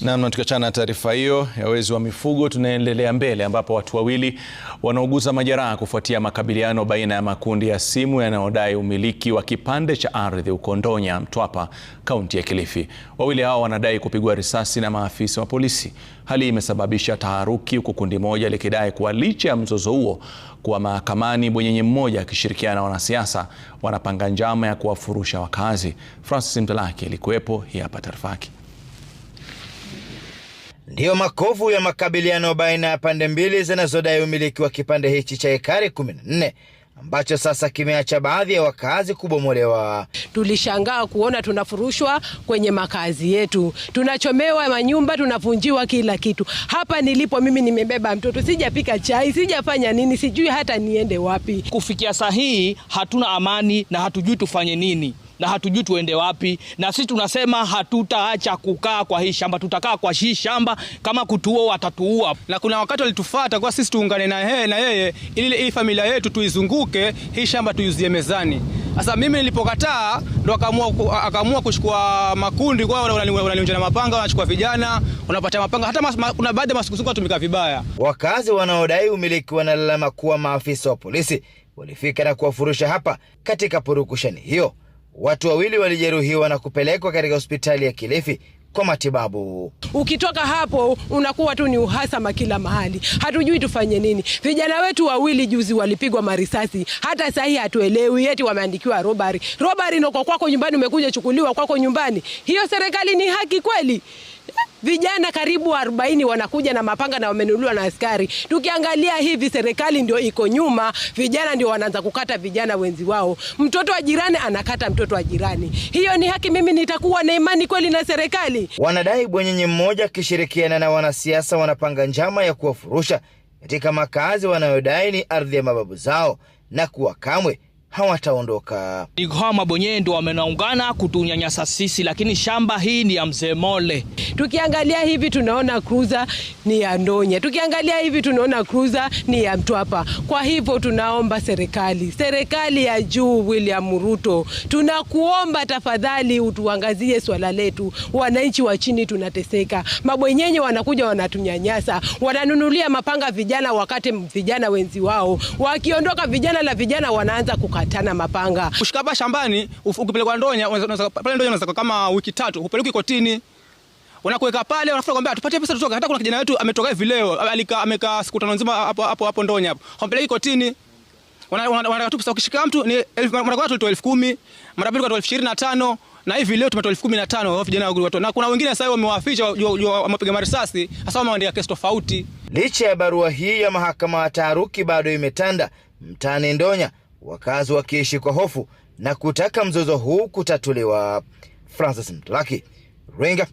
Namna tukiachana na taarifa hiyo ya wezi wa mifugo, tunaendelea mbele ambapo watu wawili wanaouguza majeraha kufuatia makabiliano baina ya makundi ya simu yanayodai umiliki wa kipande cha ardhi huko Ndonya, Mtwapa, kaunti ya Kilifi. Wawili hao wanadai kupigwa risasi na maafisa wa polisi. Hali hii imesababisha taharuki, huku kundi moja likidai kuwa licha ya mzozo huo kuwa mahakamani, bwenyenye mmoja akishirikiana na wanasiasa wanapanga njama ya kuwafurusha wakazi. Francis Mtalaki alikuwepo, hii hapa taarifa yake ndiyo makovu ya makabiliano baina ya pande mbili zinazodai umiliki wa kipande hichi cha ekari 14 ambacho sasa kimeacha baadhi ya wakazi kubomolewa. Tulishangaa kuona tunafurushwa kwenye makazi yetu, tunachomewa manyumba, tunavunjiwa kila kitu. Hapa nilipo mimi nimebeba mtoto, sijapika chai, sijafanya nini, sijui hata niende wapi. Kufikia saa hii hatuna amani na hatujui tufanye nini na hatujui tuende wapi, na sisi tunasema hatutaacha kukaa kwa hii shamba, tutakaa kwa hii shamba. Kama kutuua watatuua, na kuna wakati walitufuata kwa sisi tuungane na yeye na yeye, ili hii familia yetu tuizunguke hii shamba tuiuzie mezani. Sasa mimi nilipokataa, ndo akaamua akaamua kuchukua makundi kwa wananionja na mapanga, wanachukua vijana, wanapata mapanga, hata kuna baadhi ya masukusuku watumika vibaya. Wakazi wanaodai umiliki wanalalama kuwa maafisa wa polisi walifika na kuwafurusha hapa katika purukushani hiyo. Watu wawili walijeruhiwa na kupelekwa katika hospitali ya Kilifi kwa matibabu. Ukitoka hapo unakuwa tu ni uhasama kila mahali, hatujui tufanye nini. Vijana wetu wawili juzi walipigwa marisasi, hata saa hii hatuelewi, eti wameandikiwa robari. Robari noko kwako nyumbani, umekuja chukuliwa kwako nyumbani. Hiyo serikali ni haki kweli? Vijana karibu 40 wanakuja na mapanga na wamenunuliwa na askari. Tukiangalia hivi, serikali ndio iko nyuma, vijana ndio wanaanza kukata vijana wenzi wao. Mtoto wa jirani anakata mtoto wa jirani, hiyo ni haki? Mimi nitakuwa na imani kweli na serikali? Wanadai bwenyenye mmoja akishirikiana na wanasiasa wanapanga njama ya kuwafurusha katika makazi wanayodai ni ardhi ya mababu zao na kuwa kamwe hawataondoka. Igha mabonye ndio wamenaungana kutunyanyasa sisi, lakini shamba hii ni ya mzee Mole. Tukiangalia hivi tunaona kruza ni ya Ndonya, tukiangalia hivi tunaona kruza ni ya Mtwapa. Kwa hivyo tunaomba serikali, serikali ya juu, William Ruto, tunakuomba tafadhali utuangazie swala letu. Wananchi wa chini tunateseka, mabwenyenye wanakuja wanatunyanyasa, wananunulia mapanga vijana, wakati vijana wenzi wao wakiondoka, vijana la vijana wanaanza kuka kuambatana mapanga. Kushika hapa shambani, ukipelekwa ndonya, pale ndonya unaweza kama wiki tatu, upeleki kotini wanakuweka pale, wanafuta kwamba tupatie pesa tutoke. Hata kuna kijana wetu ametoka hivi leo, alika amekaa siku tano nzima hapo hapo hapo ndonya hapo, hampeleki kotini. Wanataka tu pesa, ukishika mtu ni mara kwa tulitoa elfu kumi mara pili kwa elfu ishirini na tano na hivi leo tumetoa elfu kumi na tano vijana watu, na kuna wengine sasa wamewaficha, wamepiga marisasi hasa, wameandika kesi tofauti. Licha ya barua hii ya mahakama ya taharuki, bado imetanda mtaani Ndonya wakazi wakiishi kwa hofu na kutaka mzozo huu kutatuliwa. Francis Mtalaki, Ringa.